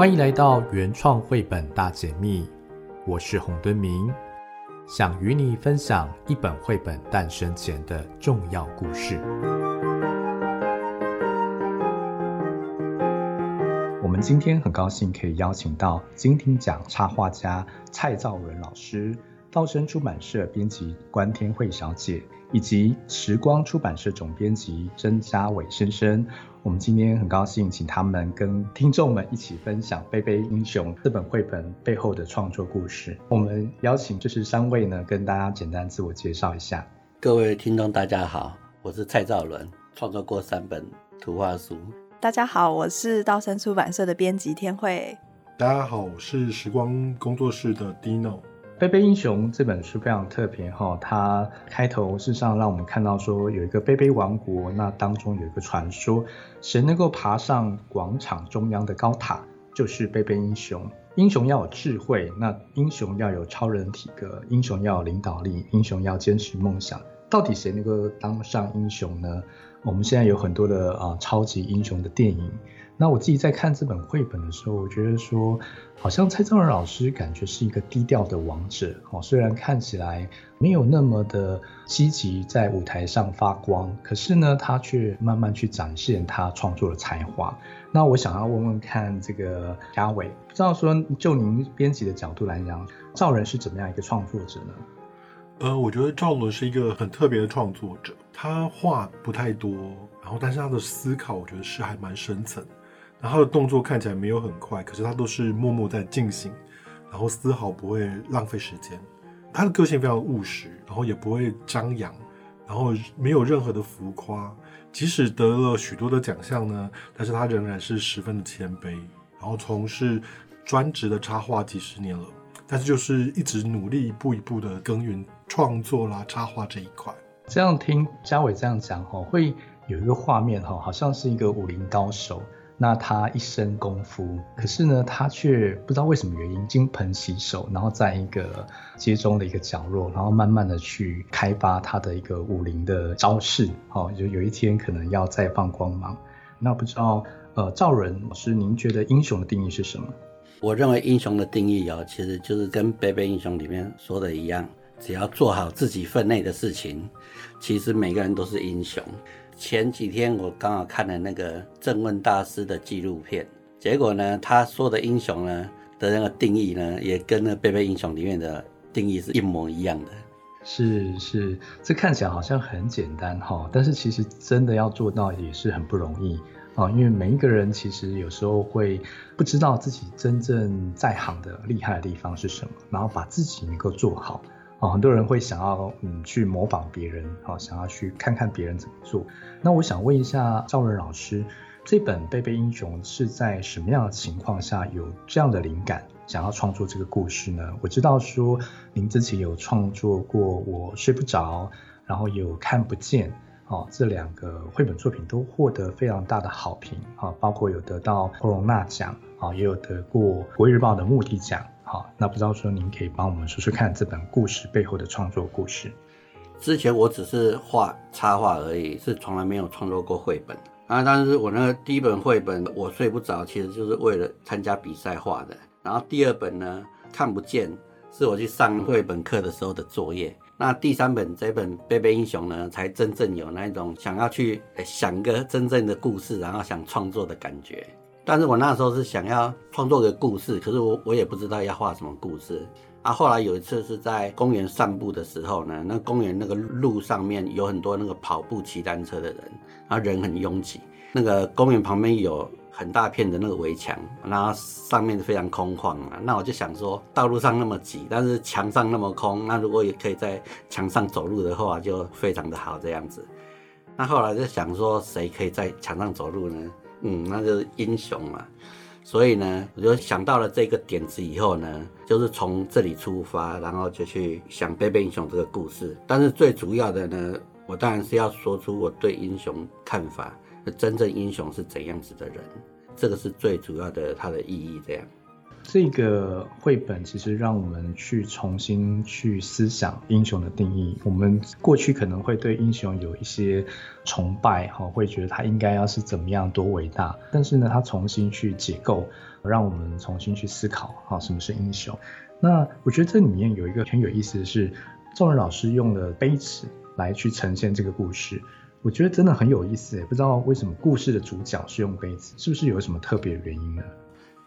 歡迎來到原創繪本大解密，我是洪敦明，想與你分享一本繪本誕生前的重要故事。我們今天很高興可以邀請到金鼎獎插畫家蔡兆倫老師。道聲出版社編輯關天惠小姐，以及拾光出版社總編輯曾家緯先生，生，我們今天很高興請他們跟聽眾們一起分享《杯杯英雄》這本繪本背後的創作故事。我們邀請這是三位呢，跟大家簡單自我介紹一下。各位聽眾大家好，我是蔡兆倫，創作過三本圖畫書。大家好，我是道聲出版社的編輯天惠。大家好，我是拾光工作室的 Dino。《杯杯英雄》這本書非常特別哈、哦，它開頭事實上讓我們看到說有一個杯杯王國，那當中有一個傳說，誰能夠爬上廣場中央的高塔，就是杯杯英雄。英雄要有智慧，那英雄要有超人體格，英雄要有領導力，英雄要堅持夢想。到底誰能夠當上英雄呢？我們現在有很多的啊、呃、超級英雄的電影。那我自己在看這本繪本的時候，我覺得說，好像蔡兆倫老師感覺是一個低調的王者哦。雖然看起來沒有那麼的積極在舞台上發光，可是呢，他卻慢慢去展現他創作的才華。那我想要問問看，這個家緯，不知道說就您編輯的角度來講，兆倫是怎麼樣一個創作者呢？呃，我覺得兆倫是一個很特別的創作者，他話不太多，然後但是他的思考，我覺得是還蠻深層。然後他的動作看起來沒有很快，可是他都是默默在進行，然後絲毫不會浪費時間。他的個性非常務實，然後也不會張揚，然後沒有任何的浮誇。即使得了許多的獎項呢，但是他仍然是十分的謙卑。然後從事專職的插畫幾十年了，但是就是一直努力一步一步的耕耘創作啦，插畫這一塊。這樣聽家緯這樣講吼，會有一個畫面吼，好像是一個武林高手。那他一身功夫，可是呢，他卻不知道為什麼原因金盆洗手，然後在一個街中的一個角落，然後慢慢的去開發他的一個武林的招式，好、哦，就有一天可能要再放光芒。那不知道，呃，兆倫老師，您覺得英雄的定義是什麼？我認為英雄的定義啊、哦，其實就是跟《杯杯英雄》裡面說的一樣，只要做好自己分內的事情，其實每個人都是英雄。前幾天我剛好看了那個鄭問大師的紀錄片，結果呢，他說的英雄呢的那個定義呢，也跟那《杯杯英雄》裡面的定義是一模一樣的。是是，這看起來好像很簡單哈，但是其實真的要做到也是很不容易啊，因為每一個人其實有時候會不知道自己真正在行的厲害的地方是什麼，然後把自己能夠做好。啊，很多人會想要嗯，去模仿別人，好、啊、想要去看看別人怎麼做。那我想問一下兆倫老師，這本《杯杯英雄》是在什麼樣的情況下有這樣的靈感，想要創作這個故事呢？我知道說您之前有創作過《我睡不着》，然後有看不見，啊，這兩個繪本作品都獲得非常大的好評，啊，包括有得到波隆那獎，啊也有得過《國語日報》的牧笛獎。好，那不知道說您可以幫我們說說看這本故事背後的創作故事。之前我只是畫插畫而已，是從來沒有創作過繪本。啊，但是我那個第一本繪本，我睡不着其實就是為了參加比賽畫的。然後第二本呢，看不見，是我去上繪本課的時候的作業。嗯、那第三本這本杯杯英雄呢，才真正有那一種想要去想一個真正的故事，然後想創作的感覺。但是我那時候是想要創作個故事，可是我我也不知道要畫什麼故事啊。後來有一次是在公園散步的時候呢，那公園那個路上面有很多那個跑步、騎單車的人，啊，人很擁擠。那個公園旁邊有很大片的那個圍牆，然後上面非常空曠啊。那我就想說，道路上那麼擠，但是牆上那麼空，那如果也可以在牆上走路的話，就非常的好這樣子。那後來就想說，誰可以在牆上走路呢？嗯，那就是英雄嘛，所以呢，我就想到了這個點子以後呢，就是從這裡出發，然後就去想杯杯英雄這個故事。但是最主要的呢，我當然是要說出我對英雄看法，那真正英雄是怎樣子的人，這個是最主要的，它的意義這樣。這個繪本其實讓我們去重新去思想英雄的定義。我們過去可能會對英雄有一些崇拜，哈，會覺得他應該要是怎麼樣多偉大。但是呢，他重新去解構，讓我們重新去思考，哈，什麼是英雄？那我覺得這裡面有一個很有意思的是，兆倫老師用了杯子來去呈現這個故事，我覺得真的很有意思。也不知道為什麼故事的主角是用杯子，是不是有什麼特別的原因呢？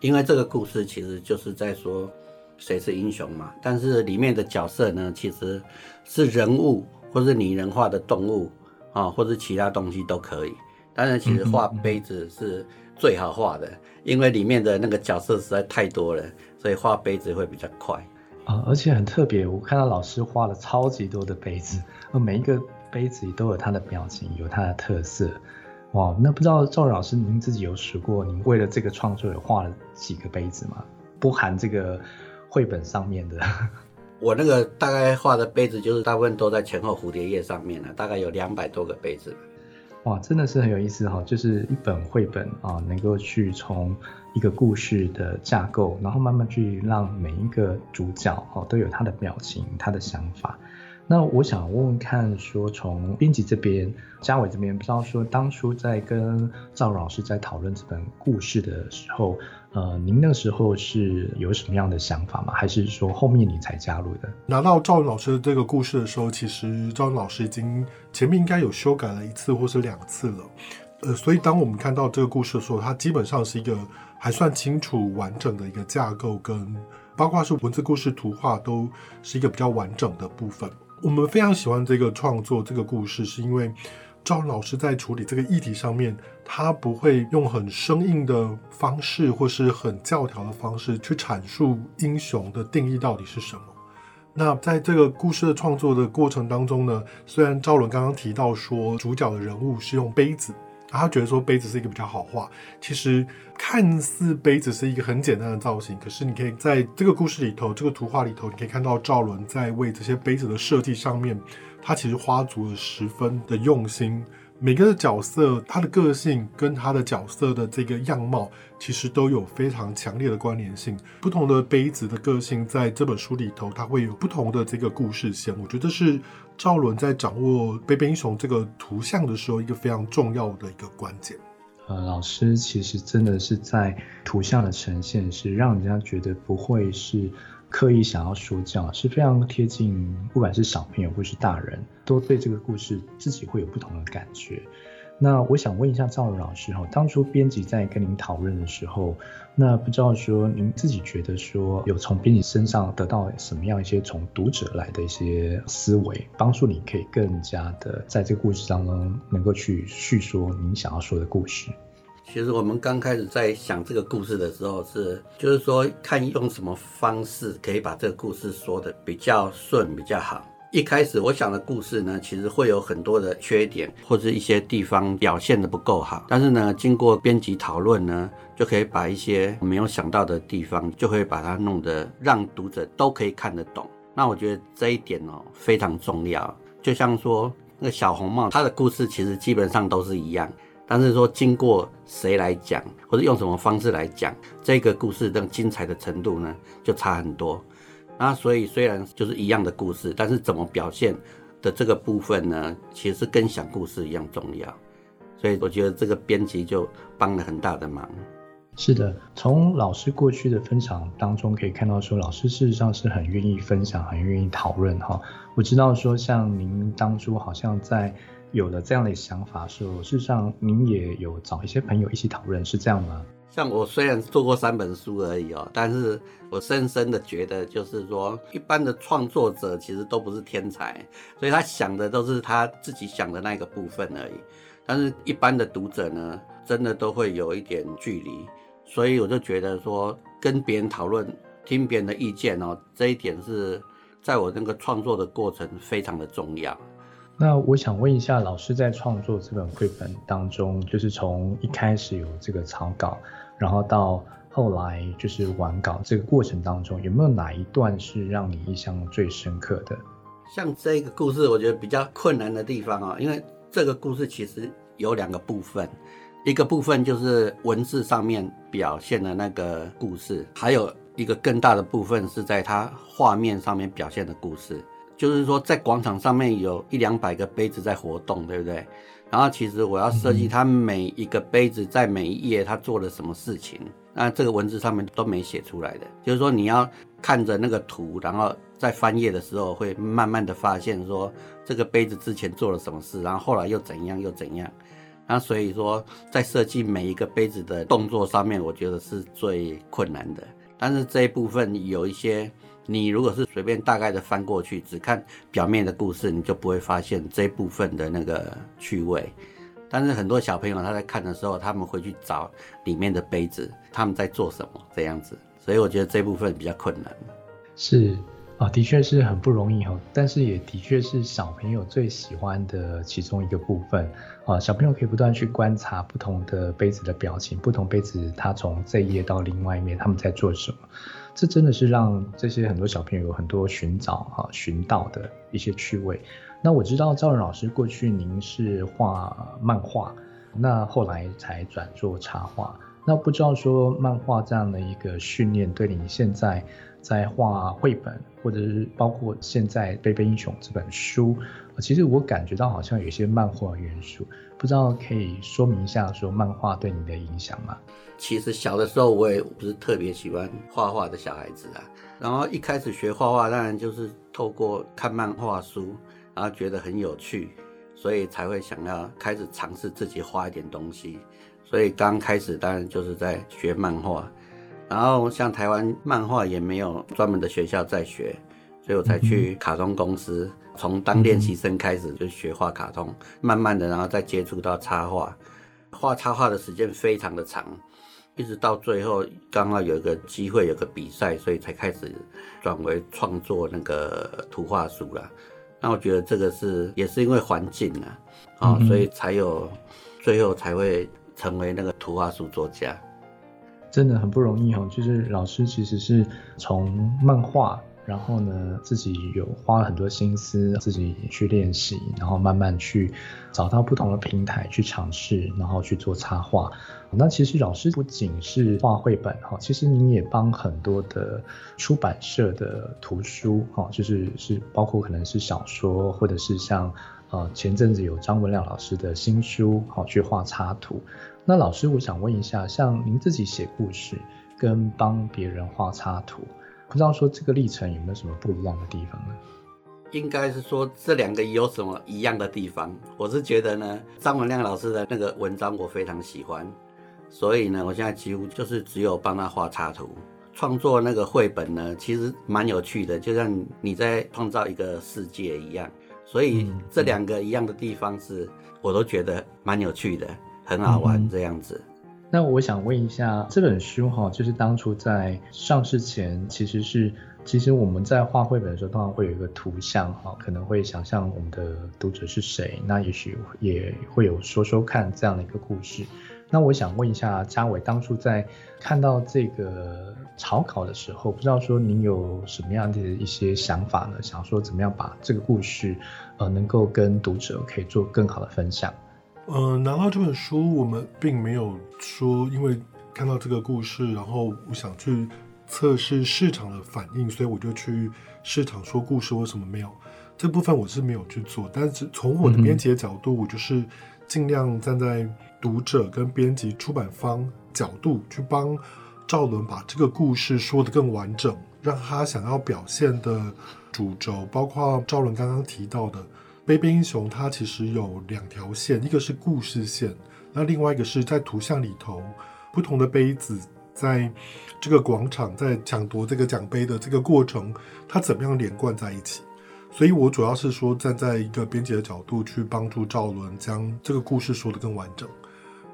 因為這個故事其實就是在說誰是英雄嘛，但是裡面的角色呢，其實是人物，或是擬人化的動物啊，或者是其他東西都可以。當然，其實畫杯子是最好畫的，嗯嗯。因為裡面的那個角色實在太多了，所以畫杯子會比較快啊。而且很特別，我看到老師畫了超級多的杯子，而每一個杯子都有它的表情，有它的特色。哇，那不知道兆倫老師您自己有數過，您為了這個創作有畫了幾個杯子嗎？不含這個繪本上面的，我那個大概畫的杯子就是大部分都在前後蝴蝶頁上面了啊，大概有兩百多個杯子。哇，真的是很有意思哈哦，就是一本繪本啊，能夠去從一個故事的架構，然後慢慢去讓每一個主角哈啊，都有他的表情、他的想法。那我想問問看，說從編輯這邊，家緯這邊，不知道說當初在跟兆倫老師在討論這本故事的時候，呃，您那個時候是有什麼樣的想法嗎？還是說後面你才加入的？拿到兆倫老師這個故事的時候，其實兆倫老師已經前面應該有修改了一次或是兩次了，呃，所以當我們看到這個故事的時候，它基本上是一個還算清楚完整的一個架構，跟包括是文字故事、圖畫都是一個比較完整的部分。我們非常喜歡這個創作，這個故事是因為兆倫老師在處理這個議題上面，他不會用很生硬的方式，或是很教條的方式去闡述英雄的定義到底是什麼。那在這個故事的創作的過程當中呢，雖然兆倫剛剛提到說主角的人物是用杯子，啊，他覺得說杯子是一個比較好畫，其實看似杯子是一個很簡單的造型，可是你可以在這個故事裡頭，這個圖畫裡頭，你可以看到兆倫在為這些杯子的設計上面，他其實花足了十分的用心。每個角色，他的個性跟他的角色的這個樣貌，其實都有非常強烈的關聯性。不同的杯子的個性，在這本書裡頭，它會有不同的這個故事線。我覺得是兆倫在掌握杯杯英雄這個圖像的時候，一個非常重要的一個關鍵。呃，老師其實真的是在圖像的呈現，是讓人家覺得不會是。刻意想要說教是非常貼近，不管是小朋友或是大人，都對這個故事自己會有不同的感覺。那我想問一下兆倫老師哈，當初編輯在跟您討論的時候，那不知道說您自己覺得說有從編輯身上得到什麼樣一些從讀者來的一些思維，幫助你可以更加的在這個故事當中能夠去敘說您想要說的故事。其實我們剛開始在想這個故事的時候是，是就是說看用什麼方式可以把這個故事說得比較順、比較好。一開始我想的故事呢，其實會有很多的缺點，或是一些地方表現得不夠好。但是呢，經過編輯討論呢，就可以把一些沒有想到的地方，就會把它弄得讓讀者都可以看得懂。那我覺得這一點哦非常重要。就像說那個小紅帽，它的故事其實基本上都是一樣。但是說，經過誰來講，或者用什麼方式來講這個故事的精彩的程度呢，就差很多。那所以雖然就是一樣的故事，但是怎麼表現的這個部分呢，其實跟講故事一樣重要。所以我覺得這個編輯就幫了很大的忙。是的，從老師過去的分享當中可以看到說，說老師事實上是很願意分享，很願意討論哈。我知道說，像您當初好像在。有了這樣的想法的時候，事實上您也有找一些朋友一起討論，是這樣嗎？像我雖然做過三本書而已哦，但是我深深的覺得，就是說一般的創作者其實都不是天才，所以他想的都是他自己想的那個部分而已。但是一般的讀者呢，真的都會有一點距離，所以我就覺得說跟別人討論、聽別人的意見哦，這一點是在我那個創作的過程非常的重要。那我想問一下老師，在創作這本繪本當中，就是從一開始有這個草稿，然後到後來就是完稿這個過程當中，有沒有哪一段是讓你印象最深刻的？像這個故事，我覺得比較困難的地方啊，因為這個故事其實有兩個部分，一個部分就是文字上面表現的那個故事，還有一個更大的部分是在它畫面上面表現的故事。就是說，在廣場上面有一兩百個杯子在活動，對不對？然後其實我要設計它每一個杯子在每一頁它做了什麼事情，那這個文字上面都沒寫出來的。就是說你要看着那個圖，然後在翻頁的時候會慢慢的發現說這個杯子之前做了什麼事，然後後來又怎樣又怎樣。那所以說，在設計每一個杯子的動作上面，我覺得是最困難的。但是這一部分有一些，你如果是隨便大概的翻過去，只看表面的故事，你就不會發現這一部分的那個趣味。但是很多小朋友他在看的時候，他們會去找裡面的杯子，他們在做什麼這樣子，所以我覺得這部分比較困難。是。啊，的確是很不容易哈，哦，但是也的確是小朋友最喜歡的其中一個部分啊。小朋友可以不斷去觀察不同的杯子的表情，不同杯子它從這一頁到另外一面，他們在做什麼？這真的是讓這些很多小朋友有很多尋找哈，啊、尋到的一些趣味。那我知道兆倫老師過去您是畫漫畫，那後來才轉做插畫。那不知道說漫畫這樣的一個訓練，對你現在？在畫繪本，或者是包括現在《杯杯英雄》這本書，其實我感覺到好像有些漫畫元素，不知道可以說明一下，說漫畫對你的影響嗎？其實小的時候我也不是特別喜歡畫畫的小孩子啊，然後一開始學畫畫，當然就是透過看漫畫書，然後覺得很有趣，所以才會想要開始嘗試自己畫一點東西，所以剛開始當然就是在學漫畫。然後像台灣漫畫也沒有專門的學校在學，所以我才去卡通公司，從當練習生開始就學畫卡通，慢慢的然後再接觸到插畫，畫插畫的時間非常的長，一直到最後剛好有一個機會有個比賽，所以才開始轉為創作那個圖畫書了。那我覺得這個是也是因為環境啊，啊，哦，所以才有最後才會成為那個圖畫書作家。真的很不容易哈、哦，就是老師其實是從漫畫，然後呢自己有花了很多心思，自己去練習，然後慢慢去找到不同的平台去嘗試，然後去做插畫。那其實老師不僅是畫繪本哈，其實你也幫很多的出版社的圖書哈，就是是包括可能是小說或者是像。啊，前陣子有張文亮老師的新書，好去畫插圖。那老師，我想問一下，像您自己寫故事，跟幫別人畫插圖，不知道說這個歷程有沒有什麼不一樣的地方呢？應該是說這兩個有什麼一樣的地方？我是覺得呢，張文亮老師的那個文章我非常喜歡，所以呢，我現在幾乎就是只有幫他畫插圖。創作那個繪本呢，其實蠻有趣的，就像你在創造一個世界一樣。所以這兩個一樣的地方是，嗯嗯、我都覺得蠻有趣的，很好玩這樣子。嗯、那我想問一下，這本書哈，就是當初在上市前，其實是，其實我們在畫繪本的時候，當然會有一個圖像哈，可能會想象我們的讀者是誰，那也許也會有說說看這樣的一個故事。那我想問一下，家緯當初在看到這個草稿的時候，不知道說您有什麼樣的一些想法呢？想說怎麼樣把這個故事，呃，能夠跟讀者可以做更好的分享。嗯、呃，拿到這本書，我們並沒有說因為看到這個故事，然後我想去測試市場的反應，所以我就去市場說故事，為什麼沒有。這部分我是沒有去做，但是從我的編輯的角度，我、嗯、哼就是。盡量站在讀者跟編輯、出版方角度去幫兆倫把這個故事說得更完整，讓他想要表現的主軸，包括兆倫剛剛提到的杯杯英雄，它其實有兩條線，一個是故事線，那另外一個是在圖像裡頭不同的杯子在這個廣場在搶奪這個獎杯的這個過程，它怎麼樣連貫在一起？所以，我主要是說，站在一個編輯的角度去幫助兆倫將這個故事說得更完整。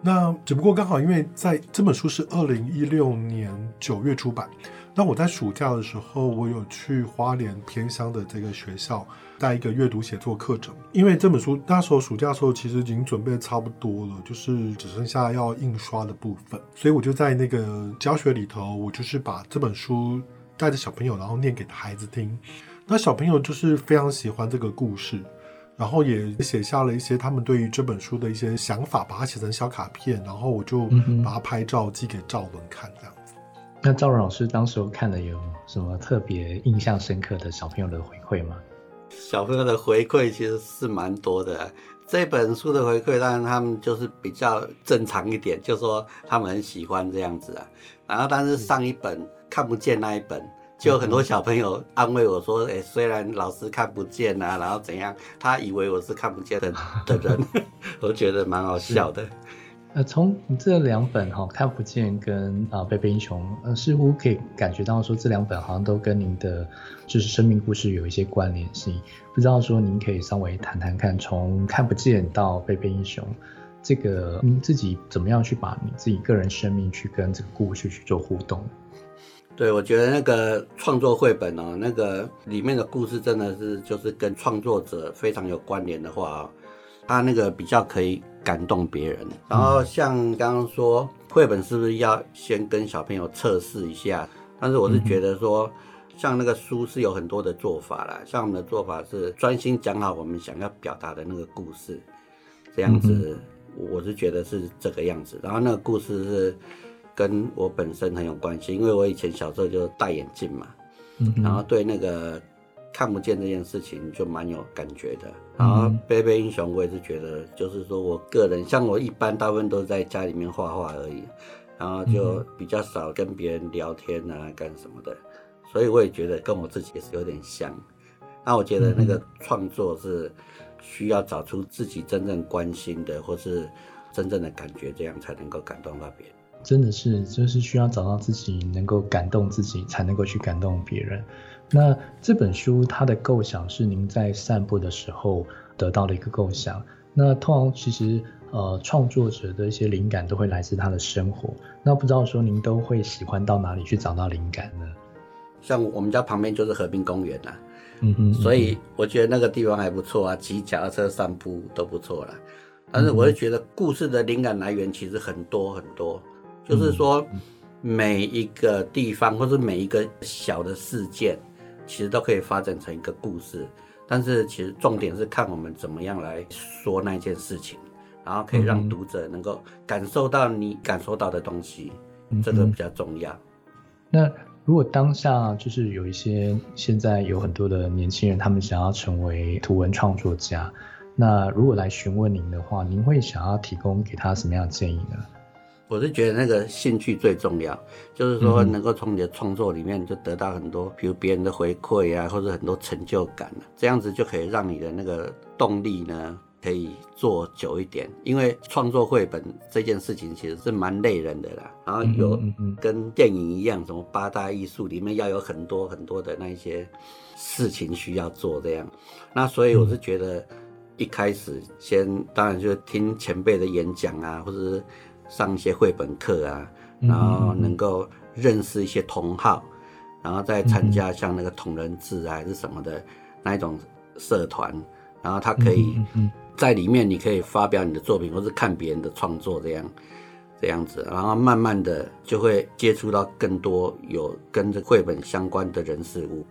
那只不過剛好，因為在這本書是二零一六年九月出版，那我在暑假的時候，我有去花蓮偏鄉的這個學校帶一個閱讀寫作課程。因為這本書那時候暑假的時候其實已經準備的差不多了，就是只剩下要印刷的部分，所以我就在那個教學裡頭，我就是把這本書帶着小朋友，然後念給孩子聽。那小朋友就是非常喜歡這個故事，然後也寫下了一些他們對於這本書的一些想法，把它寫成小卡片，然後我就把它拍照寄給兆倫看這樣子。嗯嗯，那兆倫老師當時看了有什麼特別印象深刻的小朋友的回饋嗎？小朋友的回饋其實是蠻多的，啊，這本書的回饋，當然他們就是比較正常一點，就說他們很喜歡這樣子啊。然後但是上一本，嗯、看不見那一本。就有很多小朋友安慰我說：“哎、欸，雖然老師看不見吶、啊，然後怎樣？他以為我是看不見的的人， 我覺得蠻好笑的。”呃，從這兩本哈、哦《看不見跟》跟、呃、啊《背背英雄》，呃，似乎可以感覺到說這兩本好像都跟您的就是生命故事有一些關聯性。不知道說您可以稍微談談看，從《看不見》到《杯杯英雄》，這個你自己怎麼樣去把你自己個人生命去跟這個故事去做互動？對，我覺得那個創作繪本哦，那個裡面的故事真的是就是跟創作者非常有關聯的話啊、哦，他那個比較可以感動別人。然後像剛剛說，繪本是不是要先跟小朋友測試一下？但是我是覺得說，嗯哼，像那個書是有很多的做法啦。像我們的做法是專心講好我們想要表達的那個故事，這樣子，我是覺得是這個樣子。然後那個故事是。跟我本身很有關係，因為我以前小時候就戴眼鏡嘛，嗯、哼然後對那個看不見這件事情就蠻有感覺的。嗯、哼然後杯杯英雄，我也是覺得，就是說我個人，像我一般大部分都是在家裡面畫畫而已，然後就比較少跟別人聊天啊，幹什麼的。所以我也覺得跟我自己也是有點像。那我覺得那個創作是需要找出自己真正關心的，或是真正的感覺，這樣才能夠感動到別人。真的是，就是需要找到自己能夠感動自己，才能夠去感動別人。那這本書它的構想是您在散步的時候得到的一個構想。那通常其實呃創作者的一些靈感都會來自他的生活。那不知道說您都會喜歡到哪裡去找到靈感呢？像我們家旁邊就是和平公園吶、啊，嗯哼，嗯哼，所以我覺得那個地方還不錯啊，騎腳踏車散步都不錯啦。但是我就覺得故事的靈感來源其實很多很多。就是說，每一個地方或是每一個小的事件，其實都可以發展成一個故事。但是其實重點是看我們怎麼樣來說那件事情，然後可以讓讀者能夠感受到你感受到的東西，這個比較重要嗯嗯。那如果當下就是有一些現在有很多的年輕人，他們想要成為圖文創作家，那如果來詢問您的話，您會想要提供給他什麼樣的建議呢？我是覺得那個興趣最重要，就是說能夠從你的創作裡面就得到很多，比如別人的回饋啊，或者很多成就感，這樣子就可以讓你的那個動力呢，可以做久一點。因為創作繪本這件事情其實是蠻累人的啦。然後有跟電影一樣，什麼八大藝術裡面要有很多很多的那些事情需要做這樣。那所以我是覺得一開始先當然就是聽前輩的演講啊，或者是。上一些繪本課啊，然後能夠認識一些同好，嗯、哼然後再參加像那個同人誌還是什麼的、嗯、哼那一種社團，然後他可以在裡面，你可以發表你的作品，嗯、哼或是看別人的創作這樣這樣子，然後慢慢的就會接觸到更多有跟這繪本相關的人事物，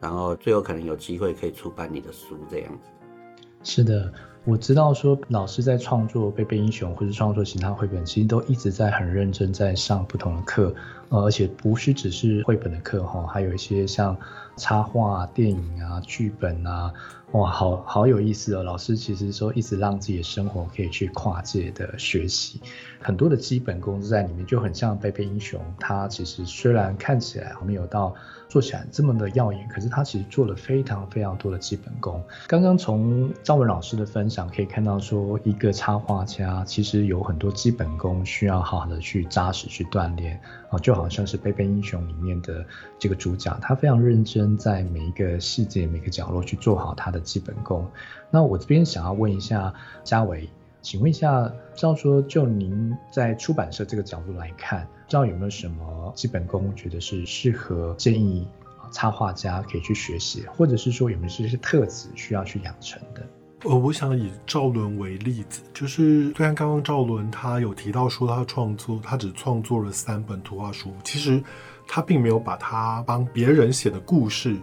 然後最後可能有機會可以出版你的書這樣子。是的。我知道說老師在創作《杯杯英雄》或者創作其他繪本，其實都一直在很認真在上不同的課，呃，而且不是只是繪本的課哈、哦，還有一些像插畫、啊、電影啊、劇本啊，哇，好好有意思哦。老師其實說一直讓自己的生活可以去跨界的學習，很多的基本功在裡面，就很像《杯杯英雄》，它其實雖然看起來沒有到。做起來這麼的耀眼，可是他其實做了非常非常多的基本功。剛剛從兆倫老師的分享可以看到，說一個插畫家其實有很多基本功需要好好的去扎實去鍛鍊啊，就好像是《杯杯英雄》裡面的這個主角，他非常認真在每一個細節、每個角落去做好他的基本功。那我這邊想要問一下家緯，請問一下道聲，就您在出版社這個角度來看。不知道有沒有什麼基本功，覺得是適合建議插畫家可以去學習，或者是說有沒有這些特質需要去養成的？呃，我想以兆倫為例子，就是雖然剛剛兆倫他有提到說他創作，他只創作了三本圖畫書，其實他並沒有把他幫別人寫的故事。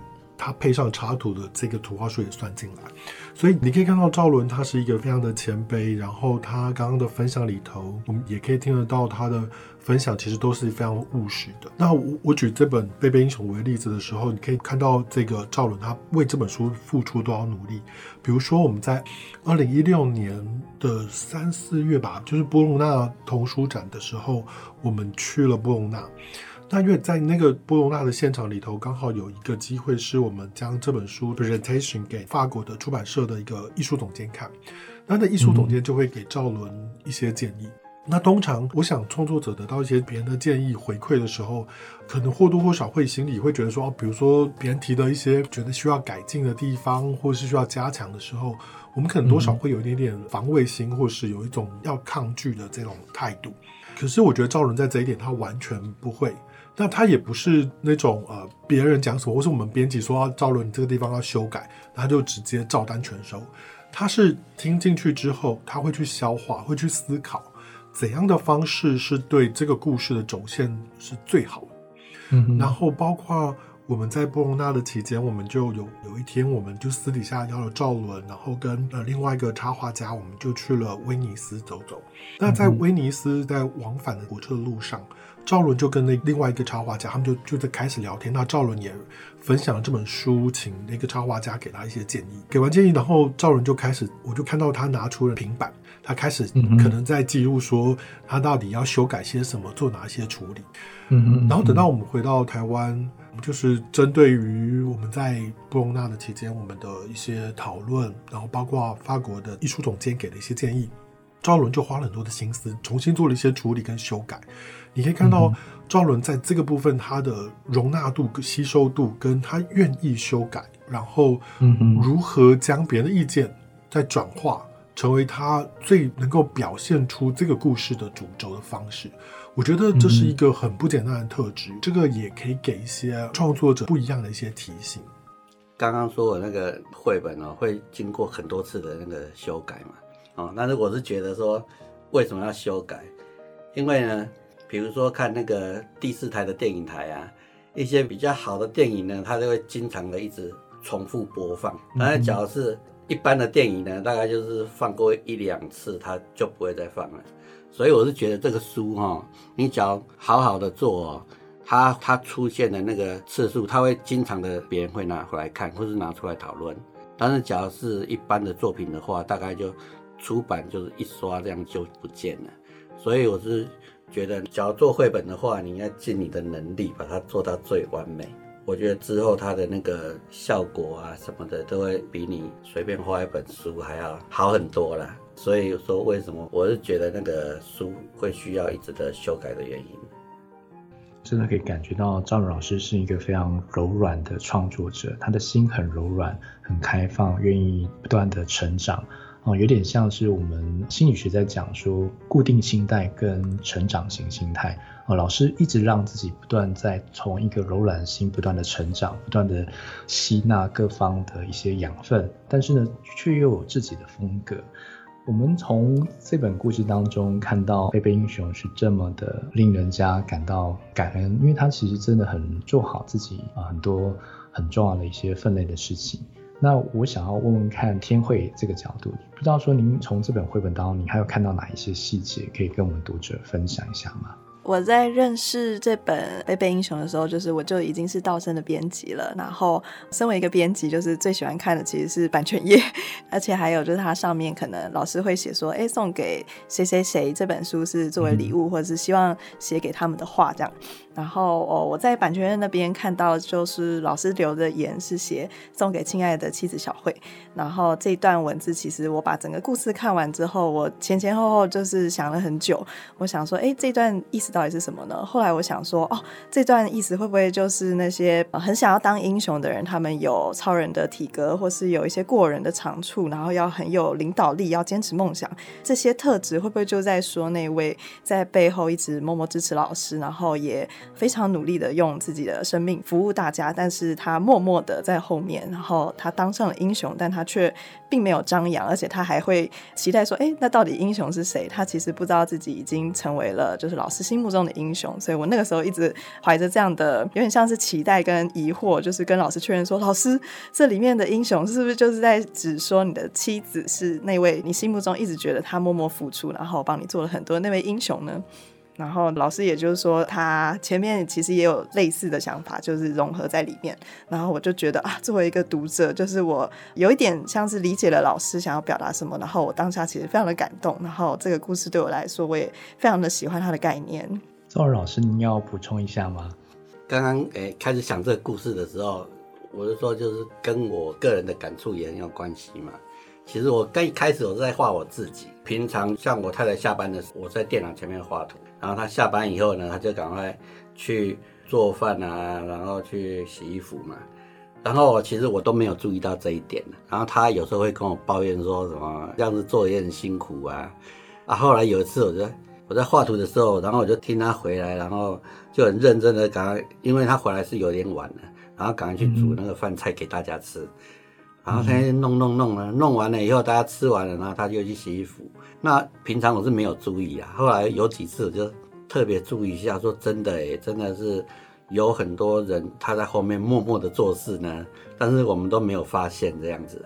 它配上插圖的這個圖畫書也算進來，所以你可以看到兆倫他是一個非常的謙卑，然後他剛剛的分享裡頭，我們也可以聽得到他的分享其實都是非常務實的。那我我舉這本《杯杯英雄》為例子的時候，你可以看到這個兆倫他為這本書付出多少努力。比如說我們在二零一六年的三四月吧，就是波隆那童書展的時候，我們去了波隆那。那因為在那個波隆那的現場裡頭，剛好有一個機會是我們將這本書 presentation 給法國的出版社的一個藝術總監看，那的藝術總監就會給兆倫一些建議。嗯、那通常我想創作者得到一些別人的建議回饋的時候，可能或多或少會心裡會覺得說，哦、比如說別人提的一些覺得需要改進的地方，或是需要加強的時候，我們可能多少會有一點點防衛心，嗯、或是有一種要抗拒的這種態度。可是我覺得兆倫在這一點他完全不會。那他也不是那種呃，別人講什麼，或是我們編輯說要兆倫，你這個地方要修改，他就直接照單全收。他是聽進去之後，他會去消化，會去思考，怎樣的方式是對這個故事的軸線是最好的。嗯哼，然後包括我們在波隆那的期間，我們就有有一天，我們就私底下邀了兆倫，然後跟呃另外一個插畫家，我們就去了威尼斯走走。嗯、哼那在威尼斯，在往返的火車路上。兆倫就跟那另外一個插畫家，他們就就在開始聊天。那兆倫也分享了這本書，請那個插畫家給他一些建議。給完建議，然後兆倫就開始，我就看到他拿出了平板，他開始可能在記錄說，說、嗯哼。他到底要修改些什麼，做哪些處理。嗯哼嗯哼。然後等到我們回到台灣，就是針對於我們在波隆那的期間，我們的一些討論，然後包括法國的藝術總監給了一些建議，兆倫就花了很多的心思，重新做了一些處理跟修改。你可以看到趙倫在這個部分，他的容納度、吸收度，跟他願意修改，然後，嗯，如何將別的意見在轉化成為他最能夠表現出這個故事的主軸的方式，我覺得這是一個很不簡單的特質。這個也可以給一些創作者不一樣的一些提醒。剛剛說我那個繪本呢、哦，會經過很多次的那個修改嘛，哦，但是我是覺得說，為什麼要修改？因為呢？比如說看那個第四台的電影台啊，一些比較好的電影呢，它就會經常的一直重複播放。當然，假如是一般的電影呢，大概就是放過一兩次，它就不會再放了。所以我是覺得這個書哈，你只要好好的做喔，它它出現的那個次數，它會經常的別人會拿回來看，或是拿出來討論。但是，假如是一般的作品的話，大概就出版就是一刷這樣就不見了。所以我是。覺得，只要做繪本的話，你應該盡你的能力把它做到最完美。我覺得之後它的那個效果啊什麼的，都會比你隨便畫一本書還要好很多了。所以說，為什麼我是覺得那個書會需要一直的修改的原因。真的可以感覺到兆倫老師是一個非常柔軟的創作者，他的心很柔軟，很開放，願意不斷的成長。哦，有點像是我們心理學在講說固定心態跟成長型心態。哦，老師一直讓自己不斷在從一個柔軟心不斷的成長，不斷的吸納各方的一些養分，但是呢，卻又有自己的風格。我們從這本故事當中看到杯杯英雄是這麼的令人家感到感恩，因為他其實真的很做好自己啊，很多很重要的一些分內的事情。那我想要問問看天惠這個角度，不知道說您從這本繪本當中，你還有看到哪一些細節可以跟我們讀者分享一下嗎？我在認識這本《杯杯英雄》的時候，就是我就已經是道聲的編輯了。然後，身為一個編輯，就是最喜歡看的其實是版權頁，而且還有就是它上面可能老師會寫說：“哎、欸，送給誰誰誰這本書是作為禮物，嗯、或者是希望寫給他們的話這樣。”然後哦，我在版權那邊看到，就是老師留的言是寫送給親愛的妻子小慧。然後這段文字，其實我把整個故事看完之後，我前前後後就是想了很久。我想說，哎，這段意思到底是什麼呢？後來我想說，哦，這段意思會不會就是那些、呃、很想要當英雄的人，他們有超人的體格，或是有一些過人的長處，然後要很有領導力，要堅持夢想，這些特質會不會就在說那位在背後一直默默支持老師，然後也。非常努力的用自己的生命服務大家，但是他默默的在後面，然後他當上了英雄，但他卻並沒有張揚，而且他還會期待說，誒、欸，那到底英雄是誰？他其實不知道自己已經成為了就是老師心目中的英雄，所以我那個時候一直懷着這樣的，有點像是期待跟疑惑，就是跟老師確認說，老師，這裡面的英雄是不是就是在指說你的妻子是那位你心目中一直覺得他默默付出，然後幫你做了很多那位英雄呢？然後老師也就是說，他前面其實也有類似的想法，就是融合在裡面。然後我就覺得啊，作為一個讀者，就是我有一點像是理解了老師想要表達什麼。然後我當下其實非常的感動。然後這個故事對我來說，我也非常的喜歡他的概念。兆老師，你要補充一下嗎？剛剛哎、欸、開始講這個故事的時候，我是說就是跟我個人的感觸也很有關係嘛。其實我剛一開始我是在畫我自己，平常像我太太下班的時候，我在電腦前面畫圖。然後他下班以後呢，他就趕快去做飯啊，然後去洗衣服嘛。然後其實我都沒有注意到這一點。然後他有時候會跟我抱怨說什麼這樣子做也很辛苦啊。啊，後來有一次我，我在我在畫圖的時候，然後我就聽他回來，然後就很認真的趕快，因為他回來是有點晚了，然後趕快去煮那個飯菜給大家吃。然後他先弄弄弄了，弄完了以後，大家吃完了，然後他就去洗衣服。那平常我是沒有注意啊，後來有幾次我就特別注意一下，說真的，哎，真的是有很多人他在後面默默的做事呢，但是我們都沒有發現這樣子。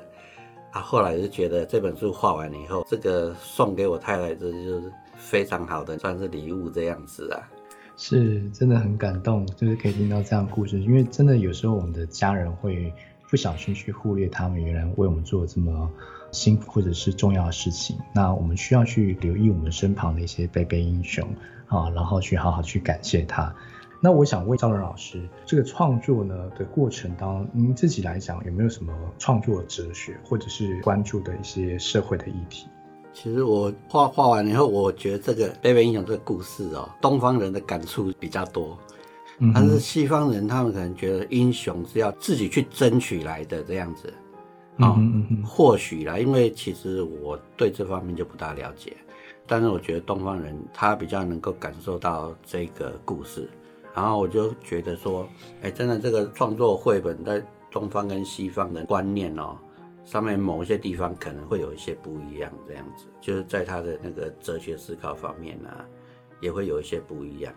啊，後來就覺得這本書畫完以後，這個送給我太太，這就是非常好的，算是禮物這樣子啊。是，真的很感動，就是可以聽到這樣的故事，因為真的有時候我們的家人會。不小心去忽略他們原來為我們做了這麼辛苦或者是重要的事情，那我們需要去留意我們身旁的一些杯杯英雄啊，然後去好好去感謝他。那我想問兆倫老師，這個創作呢的過程當中您自己來講有沒有什麼創作哲學，或者是關注的一些社會的議題？其實我畫畫完以後，我覺得這個杯杯英雄這個故事哦，東方人的感觸比較多。但是西方人他們可能覺得英雄是要自己去爭取來的這樣子，啊、嗯嗯哦，或許啦，因為其實我對這方面就不大了解，但是我覺得東方人他比較能夠感受到這個故事，然後我就覺得說，哎，真的這個創作繪本在東方跟西方的觀念哦，上面某一些地方可能會有一些不一樣，這樣子，就是在他的那個哲學思考方面呢、啊，也會有一些不一樣，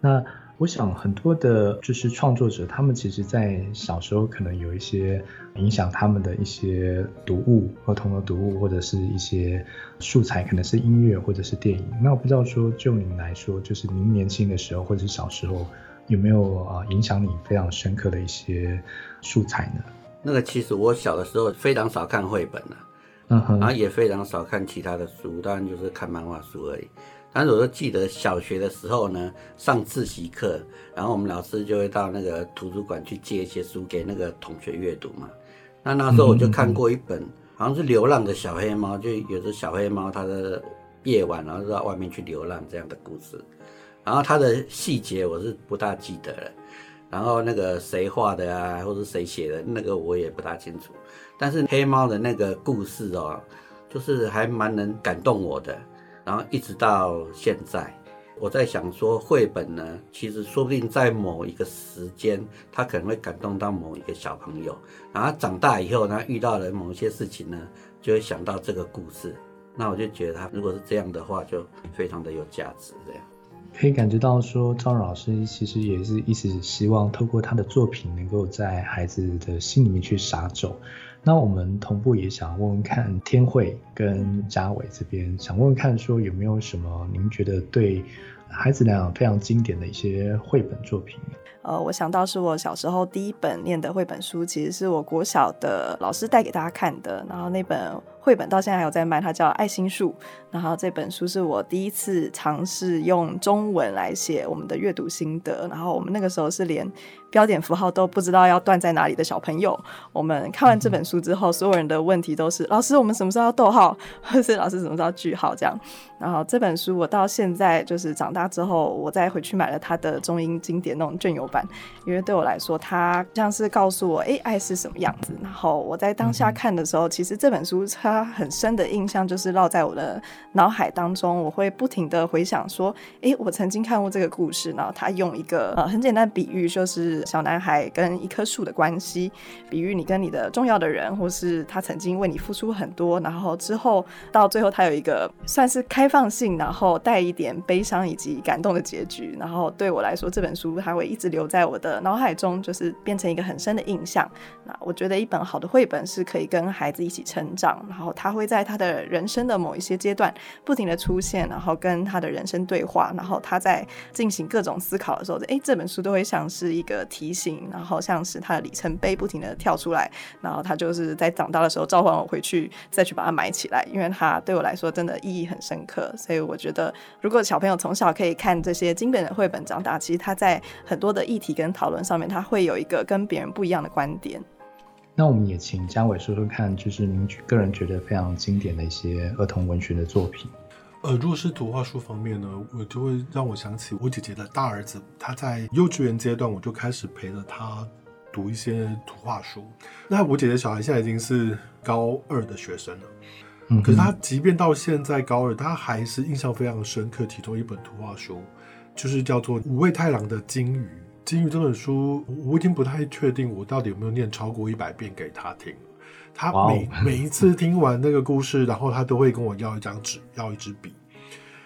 那。我想很多的，就是創作者，他們其實在小時候可能有一些影響他們的一些讀物，兒童的讀物或者是一些素材，可能是音樂或者是電影。那我不知道說就您來說，就是您年輕的時候或者是小時候有沒有啊影響你非常深刻的一些素材呢？那個其實我小的時候非常少看繪本了啊，嗯哼，然後也非常少看其他的書，當然就是看漫畫書而已。但是我就記得小學的時候呢，上自習課，然後我們老師就會到那個圖書館去借一些書給那個同學閱讀嘛。那那時候我就看過一本，嗯嗯好像是《流浪的小黑貓》，就有隻小黑貓，它的夜晚然後就到外面去流浪這樣的故事。然後它的細節我是不大記得了，然後那個誰畫的啊，或是誰寫的那個我也不大清楚。但是黑貓的那個故事哦，就是還蠻能感動我的。然後一直到現在，我在想說，繪本呢，其實說不定在某一個時間，他可能會感動到某一個小朋友，然後他長大以後呢，遇到了某一些事情呢，就會想到這個故事。那我就覺得他如果是這樣的話，就非常的有價值，這樣。可以感覺到說，兆倫老師其實也是一直希望透過他的作品，能夠在孩子的心裡面去撒種。那我們同步也想問問看天惠跟家緯這邊，想問問看說有沒有什麼您覺得對孩子來講非常經典的一些繪本作品？呃，我想到是我小時候第一本念的繪本書，其實是我國小的老師帶給大家看的，然後那本。繪本到現在還有在賣，它叫《愛心樹》。然後這本書是我第一次嘗試用中文來寫我們的閱讀心得。然後我們那個時候是連標點符號都不知道要斷在哪裡的小朋友。我們看完這本書之後，所有人的問題都是：老師，我們什麼時候要逗號？或者是老師，什麼時候要句號？這樣。然後這本書我到現在就是長大之後，我再回去買了它的中英經典那種卷游版，因為對我來說，它像是告訴我：誒，愛是什麼樣子？然後我在當下看的時候，其實這本書它。他很深的印象就是烙在我的腦海當中，我會不停地回想說，哎、欸，我曾經看過這個故事。然後他用一個呃，很簡單的比喻，就是小男孩跟一棵樹的關係，比喻你跟你的重要的人，或是他曾經為你付出很多。然後之後到最後，他有一個算是開放性，然後帶一點悲傷以及感動的結局。然後對我來說，這本書還會一直留在我的腦海中，就是變成一個很深的印象。那我覺得一本好的繪本是可以跟孩子一起成長，然後。然後他會在他的人生的某一些階段不停的出現，然後跟他的人生對話，然後他在進行各種思考的時候，誒，這本書都會像是一個提醒，然後像是他的里程碑，不停的跳出來，然後他就是在長大的時候召喚我回去，再去把它埋起來，因為它對我來說真的意義很深刻，所以我覺得如果小朋友從小可以看這些經典的繪本長大，其實他在很多的議題跟討論上面，他會有一個跟別人不一樣的觀點。那我們也請家緯說說看，就是您個人覺得非常經典的一些兒童文學的作品。呃，如果是圖畫書方面呢，我就會讓我想起我姐姐的大兒子，他在幼稚園階段我就開始陪着他讀一些圖畫書。那我姐姐小孩現在已經是高二的學生了，嗯、哼可是她即便到現在高二，她還是印象非常深刻，其中一本圖畫書就是叫做《五味太郎的金魚》。金魚這本書，我已經不太確定我到底有沒有念超過一百遍給他聽。他每 Wow. 每一次聽完那個故事，然後他都會跟我要一張紙，要一支筆，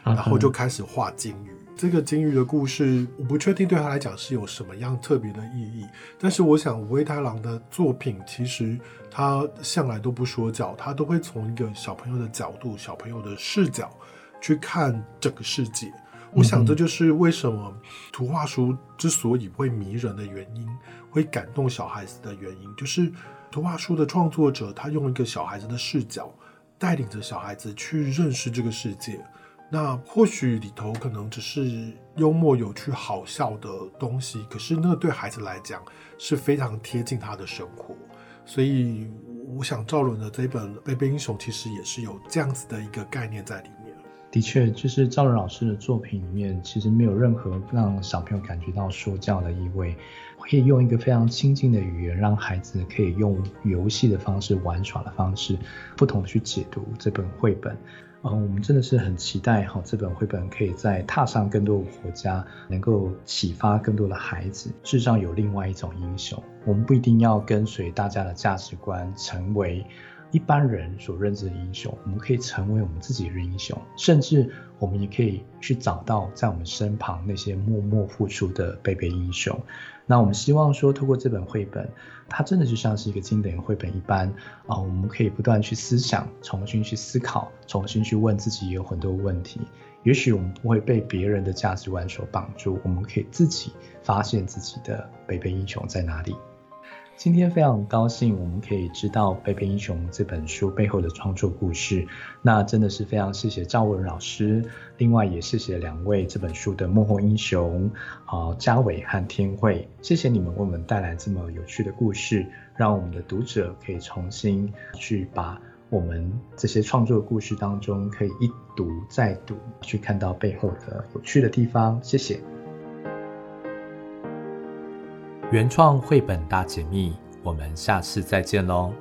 然後就開始畫金魚。Uh huh. 這個金魚的故事，我不確定對他來講是有什麼樣特別的意義。但是我想，五味太郎的作品其實他向來都不說教，他都會從一個小朋友的角度、小朋友的視角去看整個世界。 我想這就是為什麼圖畫書之所以會迷人的原因，會感動小孩子的原因，就是圖畫書的創作者他用一個小孩子的視角，帶領着小孩子去認識這個世界。那或許裡頭可能只是幽默、有趣、好笑的東西，可是那對孩子來講是非常貼近他的生活。所以，我想兆倫的這一本《杯杯英雄》其實也是有這樣子的一個概念在裡面。的確，就是兆倫老師的作品裡面，其實沒有任何讓小朋友感覺到說教的意味，可以用一個非常親近的語言，讓孩子可以用遊戲的方式、玩耍的方式，不同的去解讀這本繪本。嗯，我們真的是很期待好、哦、這本繪本可以在踏上更多的國家，能夠啟發更多的孩子，至少有另外一種英雄。我們不一定要跟隨大家的價值觀，成為，一般人所認知的英雄，我們可以成為我們自己的英雄，甚至我們也可以去找到在我們身旁那些默默付出的杯杯英雄。那我們希望說，透過這本繪本，它真的就像是一個經典繪本一般啊，我們可以不斷去思想，重新去思考，重新去問自己也有很多問題。也許我們不會被別人的價值觀所綁住，我們可以自己發現自己的杯杯英雄在哪裡。今天非常高興，我們可以知道《杯杯英雄》這本書背後的創作故事，那真的是非常謝謝兆倫老師，另外也謝謝兩位這本書的幕後英雄，啊，家緯和天惠，謝謝你們為我們帶來這麼有趣的故事，讓我們的讀者可以重新去把我們這些創作故事當中可以一讀再讀，去看到背後的有趣的地方，謝謝。原創繪本大解密，我們下次再見嘍。